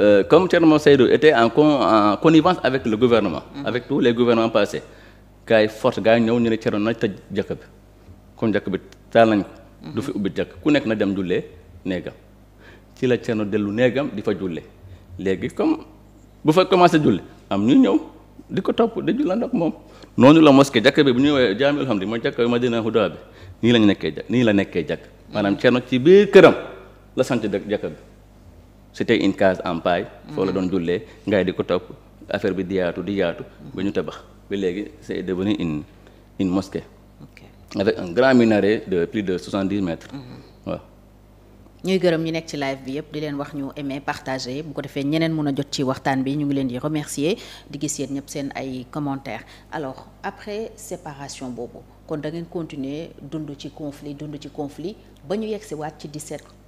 Euh, comme Thierno Moule Seydou était en con en connivence avec le gouvernement. Mmh. avec tous le gouvernements passés. gars yi force gars ñëw ñu ne Thierno na tëj jàkk bi comme jàkk bi taal nañ ko. du fi mm-hmm. ubbi jëkk ku nekk na dem jullee néegam. ci la Thierno dellu néegam di fa jullee léegi comme bu fa commencé julli am ñu ñëw di ko topp di jullandoo ak moom. noonu la mosquée jàkk bi bu ñu woowee Jaamiul Hamdi mooy jàkk bi Madina Hudaa bi nii la nekkee jàkk nii la nekkee jàkk maanaam Thierno ci biir këram la sant jàkk bi. c'était une case en paille. foo la mm-hmm. doon jullee ngay di ko topp affaire bi di yaatu di yaatu. ba ñu tabax ba léegi c'est devenu une une mosquée. ok avec un grand minaret de plus de soixante-dix mètres. Mm-hmm. waaw. ñuy gërëm ñu nekk ci live bi yëpp di leen wax ñu aimer partager bu ko defee ñeneen mun a jot ci waxtaan bi ñu ngi leen di remercier di gis yéen ñëpp seen ay commentaires alors après séparation boobu kon da ngeen continuer dund ci conflit dund ci conflit ba ñu yegg si waat ci 17.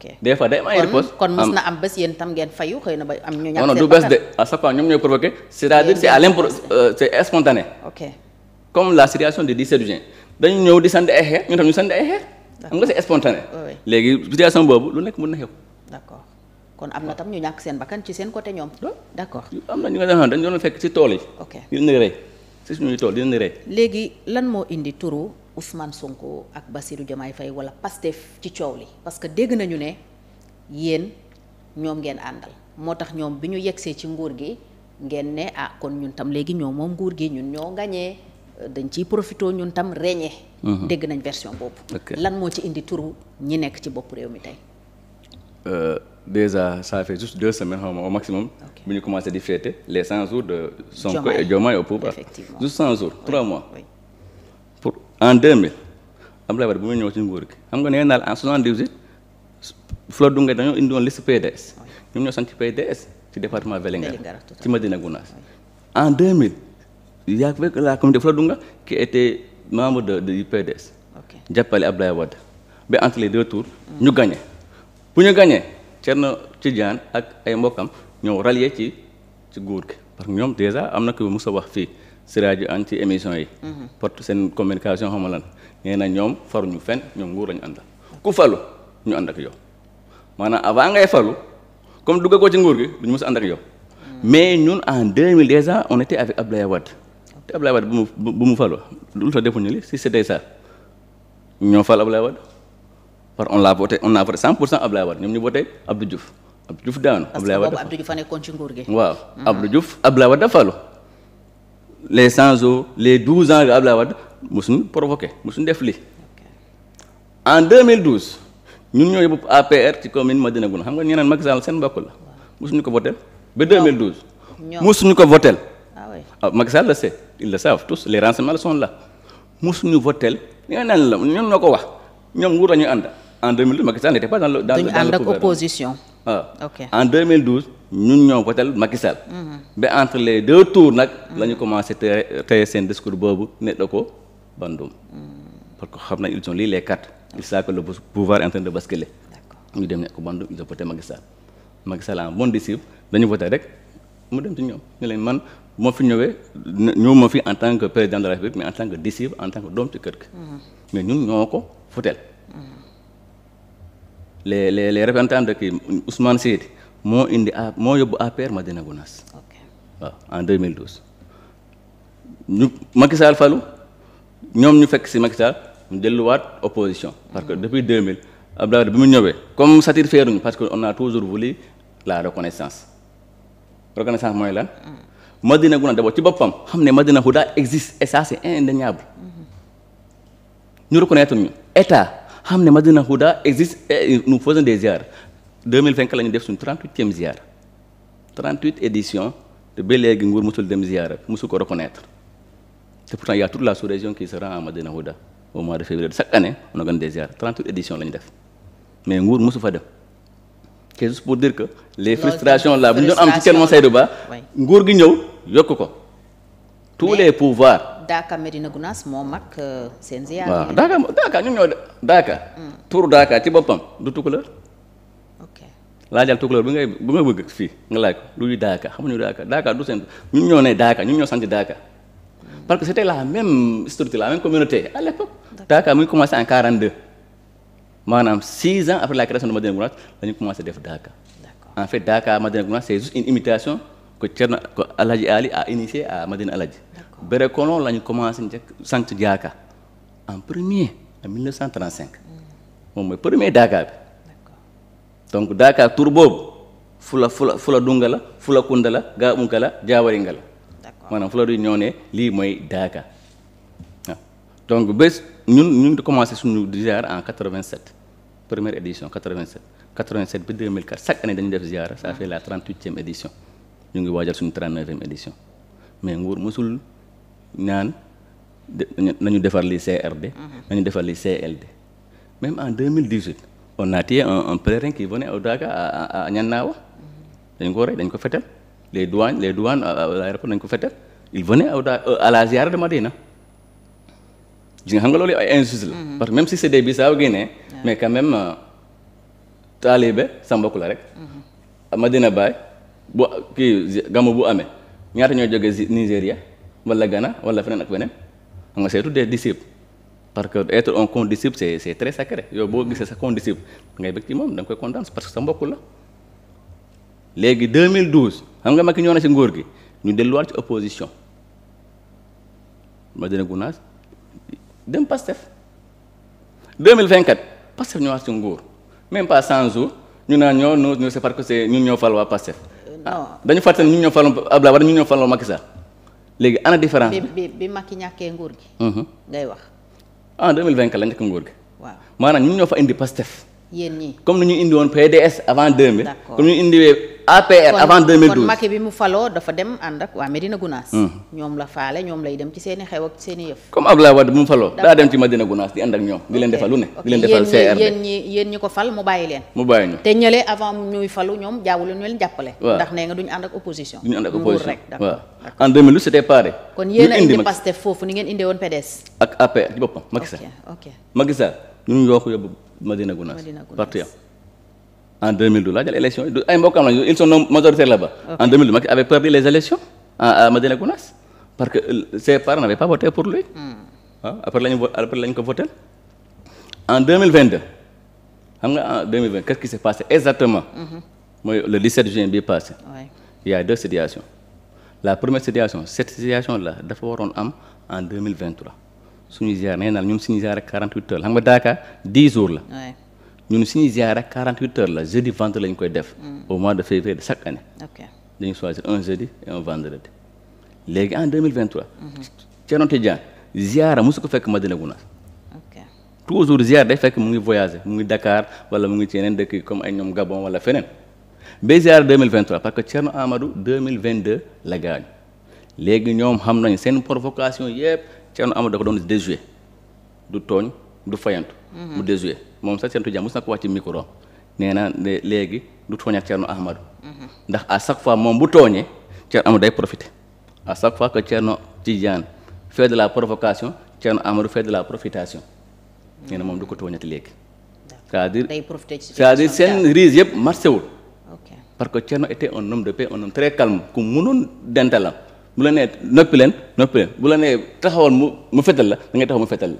ok des fois day am ay riposte kon mos na am bés yéen tam ngeen fayu xëy na ba am ñu ñàkk non du bés euh, la situation du 17 juin dañu ñëw di sandi ay xeer ñu tam ñu sandi ay xeer xam nga c'est spontané léegi situation boobu lu nekk mën na xew d'accord ci seen côté ñoom d'accord am na ñu nga xam dañ doon fekk ci tool yi ok ñu rey si suñuy tool dina ni léegi lan moo indi turu Ousmane Sonko ak Bassirou Diomaye fay wala Pastef ci coow li parce que dégg nañu ne yéen ñoom ngeen àndal moo tax ñoom bi ñu yegsee ci nguur gi ngeen ne ah kon ñun tam léegi ñoo moom nguur gi ñun ñoo gañee dañ ciy profité ñun tam reñe mhm. dégg nañ version boobu. lan moo ci indi turu ñi nekk ci bopp réew mi tey. Euh, déjà ça fait juste deux semaines xaw ma au maximum. bu ñu commencé di fêter les cent jours de. Sonko et Diomaye au pouvoir juste cent jours trois mois. pour en deux mille Abdoulaye Wade bu muy ñëw ci nguur gi xam nga nee naa la en soixante dix huit Flore Doungué dañoo indiwoon liste PDS. ñoom ñoo sant ci PDS ci département Vélingara ci Medina Gounass. en deux mille y avait la communauté Flore Doungué qui membre de PDS. jàppale Abdoulaye Wade ba entre les deux mm. ñu gagné Thierno Tidiane ak ay mbokkam ñëw rallier ci ci guur gi parce que ñoom déjà am na ko mos a wax fii si rajo an ci émission yi. Mhm. porte seen communication xam nga lan nee na ñoom faruñu fenn ñoom nguur lañu àndal ku falu ñu ànd ak yow maanaam avant ngay falu comme dugg ko ci nguur gi duñu mos a ànd ak yow. Mm. mais ñun en 2000 déjà on était avec a Wade te a Wade bu mu bu mu falu lu tax defuñu li si c'était ça ñoo fal Abdoulaye Wade. par on l'a voté on a voté 100 pour cent Abdoulaye Wade les 100 ans les 12 ans de Abdoulaye Wade mhm. mosuñu provoqué def lii. en 2012 ñun ñoo yóbbu APR ci commune Madina Gounass xam nga ñeneen Macky Sall seen mbokk la mosuñu ko voté ba 2012. ñoom mosuñu ko voté. ah oui ah Macky Sall le le savent tous les renseignements sont là mosuñu voté ñoo la ñoom ñoo ko wax ñoom nguur la ànd. en 2012 Macky Sall n'était pas dans le dans, dans le pouvoir opposition. waaw ah. ok en 2012 ñun ñoo votel Macky Sall. Mm-hmm. ba entre les deux tours nag. Mm-hmm. la ñu commencé te tey seen discours boobu ne ko bandum. Mm-hmm. parce que xam nañ lii les quatre. ils savent que le pouvoir est en train de ñu dem ne ko bandum ils ont voté Macky Sall. en bon disciple dañu voté rek mu dem ci ñoom ñu leen man moo fi ñëwee ñëw ma fi en tant que président de la mais en tant que disciple en tant que doom ci kër mais ñun ñoo ko votel les les les représentants de kii Ousmane Seydi moo indi a moo yóbbu APR Madina Gounass waaw en 2012 ñu Macky falu ñoom ñu fekk si Macky Sall delluwaat opposition parce que mm-hmm. depuis 2000 Abdoulaye Wade bi mu ñëwee comme satisfaire ñu parce que on a toujours voulu la reconnaissance reconnaissance mooy lan mm-hmm. Madina Gounass d'abord ci boppam xam ne Madina Houda existe et ça c'est indéniable mm-hmm. ñu reconnaître ñu état xam ne Madina Huda existe et nous faisons des ziar 2005 def suñu 38e ziar 38 éditions te ba léegi nguur mosul dem ziar mosul ko reconnaître te pourtant y a toute la sous-région qui se rend Madina Huda au mois de février chaque année on organise des ziar 38 éditions la def mais nguur mosu fa dem. c'est juste pour dire que les frustrations la bu ñu doon am ci Thierno Seydou Ba nguur gi ñëw yokk ko tous les pouvoirs Daaka Medina Gounass moo mag euh, seen ziyaar. waaw Daaka Daaka ñun ñoo Daaka. Hmm. tuuru Daaka ci boppam du tukulóor. ok laajal tukulóor bi ngay bu nga bëgg fii nga laaj lu luy Daaka xamuñu Daaka Daaka du seen ñun ñoo ne Daaka ñun ñoo sant Daaka. Hmm. parce que c'était la même structure la même communauté à l'époque. Daaka mu ngi commencé en 42. maanaam 6 ans après la création de Medina Gounass la ñu commencé def Daaka. en fait Daaka Medina Gounass c'est juste une imitation a initié à Medina Bérékolon la ñu commencé njëkk sant jaaka en premier en 1935 moom mooy premier daaka bi donc daaka tur boobu fu la fu la dunga la la kunda la gaa unka la jaawaringa la maanaam la du ñëw ne lii mooy daaka waaw donc bés ñun ñu ngi commencé suñu ziar en 87 première édition 87 87 ba 2004 chaque année dañu def ziara ça ah. fait la 38e édition ñu ngi waajal suñu 39e édition mais nguur mosul ñaan nañu defar li CRD. Mhm. nañu defar li CLD. même en 2018 on a tué un un pèlerin qui venait au mhm. dañ ko rey dañ ko fetel les douanes les douanes à l'aéroport ko fetel il venait au Daga euh, à de Madina gis nga xam nga loolu ay injustice la. Mhm. parce que même si c'est des Bissau Guinée. mais quand même euh, taalibe sa mbokk la rek. Madina Baye bu kii gamu bu amee ñaata ñoo jógee Nigéria. wala Ghana wala feneen ak feneen xam nga c'est tous des parce que être un condisciple c'est c'est très sacré yow boo gisee sa condisciple ngay bëgg ci moom da nga koy kontaan parce que sa xam nga Macky ñoo na ci nguur gi ñu delluwaat ci opposition ma dina gunaas dem Pastef 2024 Pastef ñëwaat ci nguur même pas 100 jours ñu naan ñoo ñu c'est parce que c'est ñun ñoo fal waa Pastef. Euh, non ah, dañu fàttali ñun ñoo fal Abdoulaye Wade ñun ñoo fal Macky Sall léegi ana différence bi bi bi Macky ñàkkee nguur gi. Mhm. ngay wax. Ah, la njëkk nguur gi. waaw maanaam ñun ñoo fa indi Pastef. yéen ñii comme ni ñu indi woon PDS avant 2000. d' accord comme ni ñu indiwee APR avant 2012 kon Macky bi mu faloo dafa dem ànd ak waa Medina Gounass. Hmm. ñoom la faale ñoom lay dem ci seen i xew ak seen i yëf. comme Abdoulaye Wade bu mu faloo daa dem ci Medina Gounass di ànd ak ñoom. di leen defal ne di leen defal CRD yéen ñi leen. mu bàyyi ñu ndax nee nga ànd ak opposition. duñu ànd ak opposition rek d'accord en 2012 c'était kon yéen a indi Pastef foofu ni ngeen indee woon PDS. ak APR ci boppam Macky Sall. ok ok Macky ñu ngi yokk en 2012 laa jël élection yi ay mbokkam lañu ils sont non majoritaires là-bas. en 2012 Macky avait perdu les élections à à Médina parce que euh, ses parents n'avaient pas voté pour lui. Hmm. Ah, après lañu après ko voté en 2022 en qu'est-ce qui s'est passé exactement. Mhm. le 17 juin bii passé. waay a deux situations la première situation cette situation là dafa waroon am en 2023 suñu ziar nee naa ñun suñu ziar 48 heures xam nga Dakar 10 jours la. ñun suñuy ziara 48 heures la jeudi vendredi lañ koy def. Mm. au mois de février de chaque année. ok dañuy choisir un jeudi et un vendredi. Mm-hmm. ko fekk Madina Gounass. ok toujours ziara day fekk mu ngi voyager mu ngi dakaar wala mu ngi ci yeneen dëkk yi comme ay ñoom Gabon wala feneen. ba ziara 2023 parce que Thierno Amadou 2022 la gaañu léegi ñoom xam nañ seen provocation yëpp Thierno Amadou da ko doon déjoué du tooñ du fayantu. Mm-hmm. mu déjoué. moom sax Sëriñ Tuubaa mos na ko wax ci micro nee na léegi du tooñaat Thierno Ahmadou. ndax à chaque fois moom bu tooñee Thierno Ahmadou day profité à chaque fois que Thierno Tidiane fait de la provocation Thierno Ahmadou fait de la profitation nee na moom du ko tooñati léegi. c'est-à-dire ci c'est-à-dire seen rise yëpp marché wul. parce que Thierno était un homme de paix un homme très calme ku munoon dental la bu la nee noppi leen noppi leen bu la nee taxawal mu mu fetal la da ngay taxaw mu fetal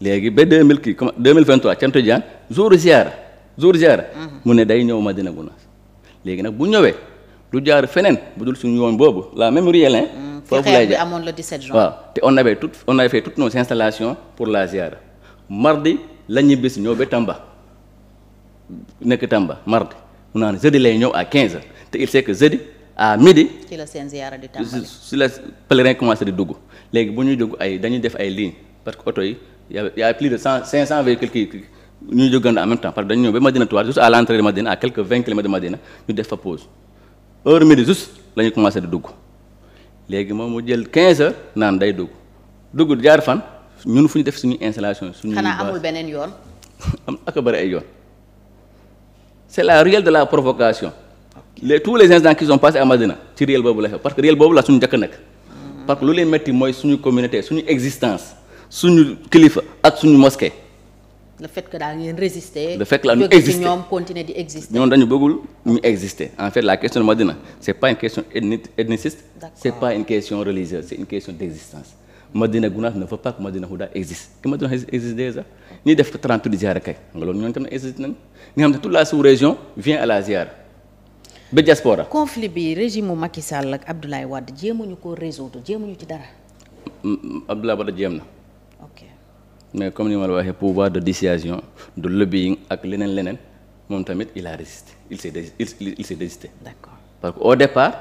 léegi ba deux mille kii comme deux mille vingt trois cant jaan jour ziara jour ziara. Mhm. mu ne day ñëw ma Madina Gunaas léegi nag bu ñëwee du jaar feneen bu dul suñu woon boobu la même ruelle mm, foofu la jaar amoon la 17 juin waaw te on avait tout on avait fait toutes nos pour la ziara mardi la ñu ñëw ba Tamba nekk Tamba mardi mu naan jeudi lay ñëw à 15h te il sait que jeudi a midi. ci la seen ziara di tàmbali ci la pèlerin commencé di dugg léegi bu ñuy dugg ay dañuy def ay lignes parce que oto yi. y' avait y' avait plus de cent cinq cent véhicules qui ñu jógandoo en même temps parce que dañu ñëw ba Madina Touare juste à l'entrée de Madina à quelques vingt kilomètres de Madina ñu def fa pause heure midi juste la ñu di dugg léegi moom mu jël quinze heures naan day dugg dugg jaar fan ñun fu ñu def suñu installation. suñu xanaa amul ak a bëri ay yoon c'est la ruelle de la provocation les tous les instants qui Madina ci ruelle boobu la xew parce que ruelle boobu la suñu njëkk nekk. parce que lu leen metti mooy suñu communauté suñu existence. suñu kilifa ak suñu mosquée. le fait que daal ngeen résister. le fait que la ñu exister ñoom continuer di exister. ñoom dañu bëggul ñu exister en fait la question de Madina c' est pas une question ethniciste. d' accord c' est pas une question religieuse c' est une question d' existence. Madina Gounass ne veut pas que Madina Houda existe que Madina existe déjà ñiy def ko 38 ziara kay nga loolu ñooñu tamit existe nañu nga xam ne toute la sous-région vient à la ziara ba diaspora. conflit na. mais comme ni ma la waxee pouvoir de décision de lobbying ak leneen leneen moom tamit il a résisté il s'est il, il s'est désisté. parce que au départ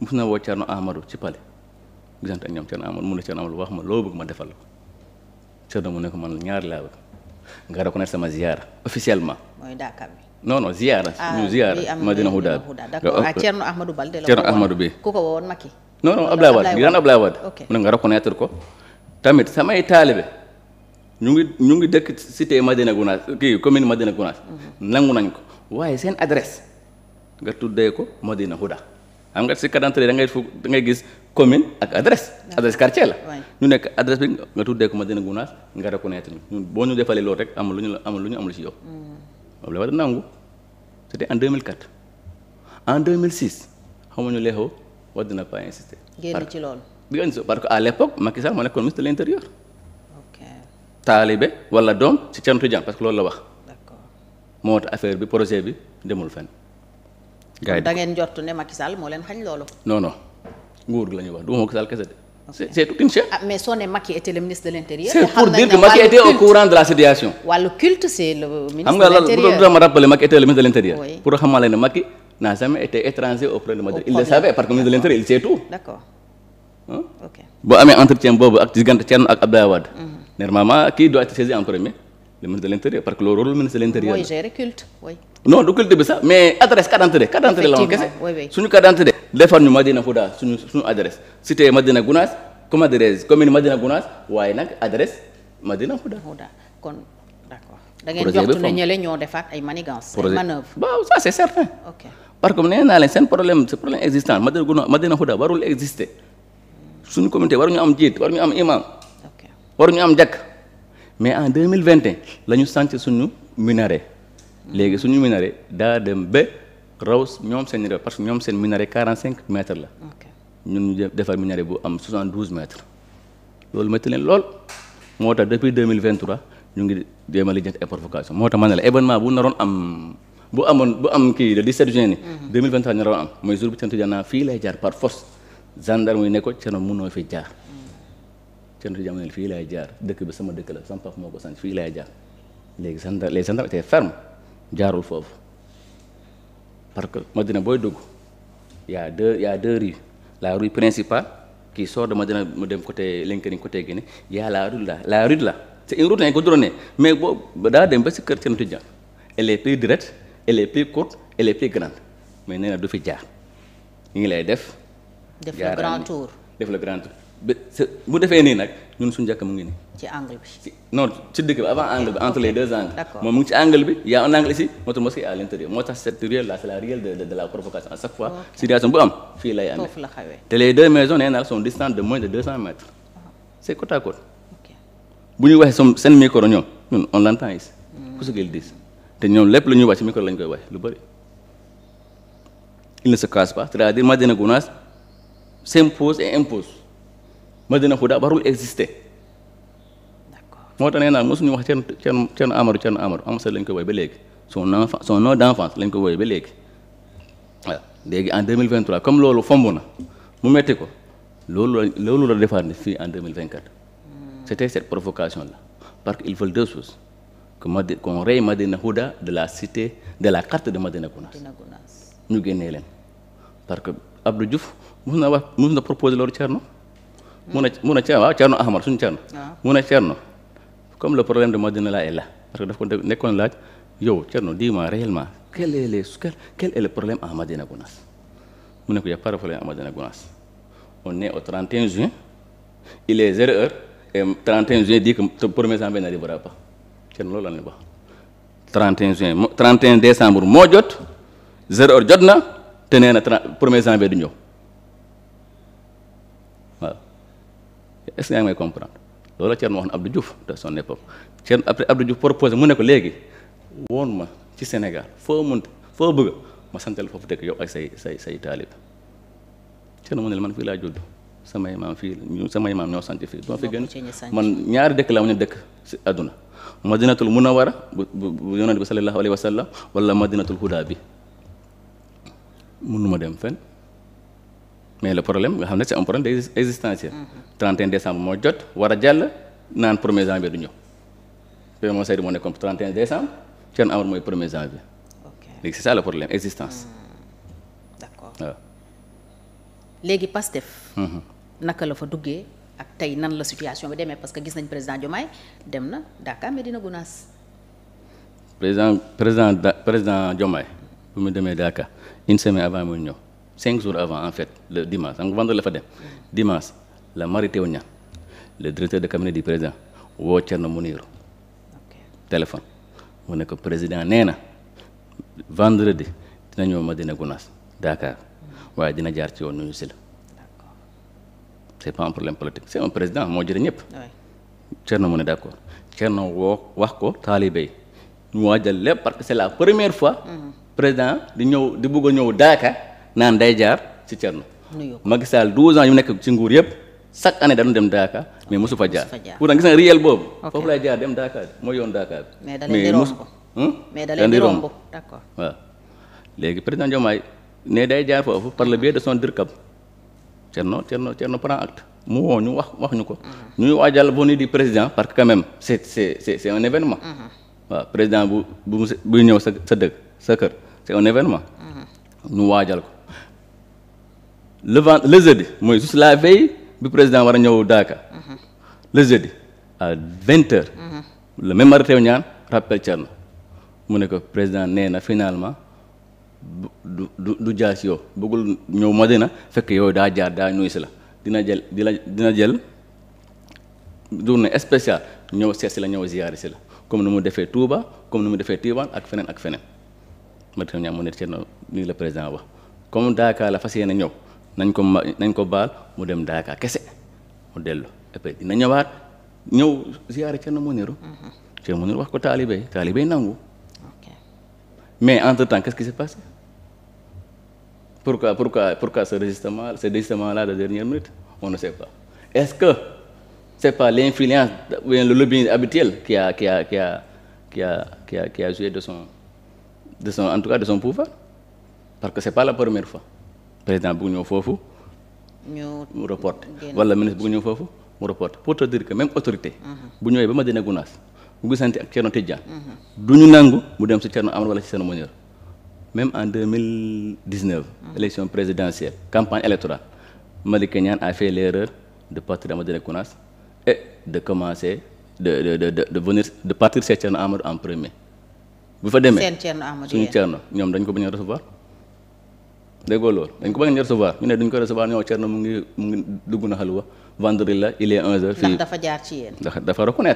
mos na woo Thierno Amadou ci palais gisante ak ñoom Thierno Amadou mun na Thierno Amadou wax ma loo bëgg ma defal la ko Thierno mu ko man ñaar laa bëgg nga reconnaître sama ziyaara officiellement. mooy daakar bi. non non ziyaara. Ah, ñu ziyaara Madina Houda bi d'accord ah Thierno Amadou Baldé la Thierno Amadou bi ko woon Macky. non non Abdoulaye Wade gi daan mu ne nga reconnaître ko tamit samay taalibe. ñu ngi ñu ngi dëkk cité Madina Gounass kii commune Madina Gounass mhm. nangu nañ ko waaye seen adresse nga tuddee ko Madina Huda xam nga si carte d'identité da ngay fu da ngay gis commune ak adresse adresse quartier la ñu nekk adresse bi nga tuddee ko Madina Gounass nga reconnaître ñu boo ñu defalee loolu rek amul lu ñu la amul lu ñu lu si yow moom mm. la war a nangu c'était en 2004 en 2006 xamuñu leexoo war dina pas insister génn ci loolu parce que à l'époque Macky Sall moo nekkoon ministre de l'intérieur taalibe wala doom ci cantu jàng parce que loolu la wax. d'accord moo tax affaire bi projet bi demul fenn. gars yi da ngeen jot ne Macky Sall moo leen xañ loolu. non non nguur gi la wax du Macky Sall ah, était que Macky était au courant de la situation. wàllu culte c'est le ministre de l'intérieur le ministre de l'intérieur. oui pour xamal ne Macky jamais étranger auprès de le savait parce que ministre de l'intérieur il sait boo amee entretien boobu ak diggante Thierno ak Abdoulaye normalement qui doit être saisi en premier le ministre de l'intérieur parce que loolu rôle ministre de l'intérieur non du culte bi mais adresse carte d'identité la woon kese suñu carte d'identité defar ñu Madina Fouda suñu suñu adresse cité Madina Madina Gounass waaye adresse Madina Fouda kon d'accord da ngeen jox ne ñële ñoo defaat ay ça c'est certain ok que nee naa leen seen problème c'est problème existant Madina Gounass Madina Fouda warul exister suñu communauté waruñu am jiit waruñu am imam ñu am jàkk mais en deux mille vingt la ñu sànc suñu minaret léegi suñu minaret daa dem ba raw ñoom seen réew parce que ñoom seen minare quarante cinq mètres la. ñun ñu defar minaret bu am soixante douze mètres loolu métti leen lool moo tax depuis deux mille vingt trois ñu ngi jéem a lijjanti ay provocation moo tax ma ne la événement bu naroon am. bu amoon bu am kii le 17 juin ni 2023 mhm. ñu am mooy jour bi Cheikh Tidiane fii lay jaar par force gendarme yi ne ko Thierno mënoo fi jaar Thierno Tidiane mu ne fii laay jaar dëkk bi sama dëkk la sama papa moo ko sant fii laay jaar léegi sanda les gendarmes étaient jaarul foofu parce que Madina booy dugg y a deux y a la rue principal kii soo de Madina mu dem côté Linguère côté Guinée y a la rue là la rue là c'est une route lañ ko drone mais boo daa dem ba si kër Thierno Tidiane elle est plus directe elle est plus courte elle est plus grande mais nee du fi jaar ñu ngi lay def. def le grand tour ba bu defee nii nag ñun suñu njëkk mu ngi ni ci angle bi. non ci digg bi avant angle bi entre les angles. moom mu ci angle bi y a un angle ici moo tax cette ruelle là c'est la ruelle de de la provocation à chaque fois. situation bu am fii lay nee naa sont distantes de moins de 200 mètres. Uh-huh. c'est côte à côte. bu ñu waxee seen seen micro ñoom ñun on l'entend ici. ku si gën di te ñoom lépp lu ñuy wax ci micro lañ koy wax lu bari il ne se cache pas c'est-à-dire Madina Gounass s'impose et Madina Xuda warul exister moo tax nee naa mosuñu wax Thierno Thierno Thierno Amadou Thierno Amadou Amsa lañ ko woowee ba léegi son enfant son nom d'enfance lañ ko woowee ba léegi waaw léegi en 2023 comme loolu fomb na mu metti ko loolu la loolu la defaat ni fii en 2024 hmm. c'était cette provocation là parce que ils veulent deux choses que Madi qu'on raye Madina Houda de la cité de la carte de Madina Gounass ñu génnee leen parce que Abdou Diouf mos na wax mos na proposer loolu Thierno mun ne mu ne Thierno waaw Thierno Ahmad suñu Thierno. mu ne comme le problème de Madina là est parce que daf ko nekkoon laaj yow Thierno dis-moi réellement quel est le quel est le problème à Madina Gounass mu ne ko y a pas de problème à Madina Gounass on est au 31 juin il est 0 heure et juin dit que le premier janvier n'arrivera pas loolu la ñuy wax 31 juin 31 décembre moo jot 0 heure jot na te nee na 30 premier du ñëw. est-ce que yaa may comprendre loolu Thierno wax na Abdou Diouf de son époque Thierno après Abdou Diouf proposé mu ne ko léegi woon ma ci Sénégal foo mënti foo bëgg ma santal foofu dëkk yow ak say say say taalib Thierno mu ne la man fii laa judd samay maam fii ñu samay maam ñoo sant fii duma fi gën man ñaari dëkk laa mu ñu dëkk si àdduna madinatul munawara bu bu yonent bi sallallahu alayhi wa sallam wala madinatul huda bi mënuma dem fenn mais le problème nga xam ne si un problème existentiel. 31 décembre moo jot war a jàll naan premier janvier du ñëw. Père Moussa Seydou moo nekkoon 31 décembre Thierno Amar mooy premier janvier. ok léegi c'est ça le problème existence. Mmh. d'accord waaw. léegi Pastef. Mhm. naka la fa duggee ak tey nan la situation bi demee parce que gis nañ président Diomaye dem na Dakar Medina Gounass. président président da président Diomaye mu demee Dakar une semaine avant muy ñëw. cinq jours avant en fait le dimanche xam nga vendredi la fa dem dimanche la Mary Teuw Niane le directeur de cabinet du président woo Thierno Mouniru téléphone mu ne ko président nee na vendredi dina ñëw ma Madina Gounass Dakar mm. waaye dina jaar ci yoon nuyu si la c' est pas un problème politique c' un président moo jëriñ ñëpp Thierno na ne d' accord Thierno woo wax ko taalibe yi ñu waajal lépp parce que c' la première fois mm. président di ñëw di bugg a ñëw Dakar naan day jaar ci Thierno. Macky Sall ans yu nekk ci nguur yëpp chaque année dañu dem Dakar mais mosu fa jaar. pourtant gis nga réel boobu. foofu lay jaar dem Dakar mooy yoon Dakar. mais hmm? mais da leen di romb d'accord léegi président Diomaye ne day jaar foofu par le biais de son dirkab Thierno Thierno Thierno prend acte. mu woo ñu wax wax ñu ko. Hmm. ñuy waajal venue di président parce que quand même c'est c'est c'est c'est un événement. Hmm. waaw président bu bu bu ñëw sa sa dëkk sa kër le vent le jeudi mooy juste la veille bi président war a ñëw Daaka. Mhm. le jeudi à vingt heures. Mhm. ñaan même rappel Thierno mu ne ko président nee na finalement du du du jaar si yow bëggul ñëw Madina fekk yow daa jaar daa nuyu si la dina jël dina dina jël journée spéciale ñëw seet si la ñëw ziyaare si la comme ni mu defee Touba comme ni mu defee Tivaouane ak feneen ak feneen Mary Teuw Niane mu ne Thierno nii la président wax comme Daaka la fas yéene ñëw. nañ ko ma nañ ko baal mu dem Daaka kese mu dellu après dina ñëwaat ñëw ziare Thierno Mouniru mm-hmm. Thierno Mouniru wax ko taalibe yi nangu mais entre temps qu'est-ce qui s'est passé pourquoi pourquoi pourquoi ce désistement ce désistement là de dernière minute on ne sait pas est-ce que c'est pas l'influence ou bien le lobbying habituel qui a qui a qui son de son parce que c'est pas la première fois président bëgg ñëw foofu. ñu mu reporté wala ministre bëgg ñëw foofu mu reporté pour te que même autorité. Mhm. bu ñëwee ba Madina Gounass bu gisante ak Thierno Tidiane. Mhm. du ñu nangu mu dem si Thierno Amar wala si Thierno Mounier même en deux mille dix neuf. Mhm. élection présidentielle campagne électorale Madické Niang a fait l'erreur de partir de Madina Gounass et de commencer de de de de de venir de partir chez Thierno Amadou en premier. bu fa demee suñu Thierno ñoom dañ ko bañ recevoir. déggoo loolu dañ ko bañ a recevoir ñu ne duñ ko recevoir ñoo Thierno mu ngi mu ngi dugg na xalwa vendredi la il est 11 dafa jaar ci yéen. ndax dafa reconnaître.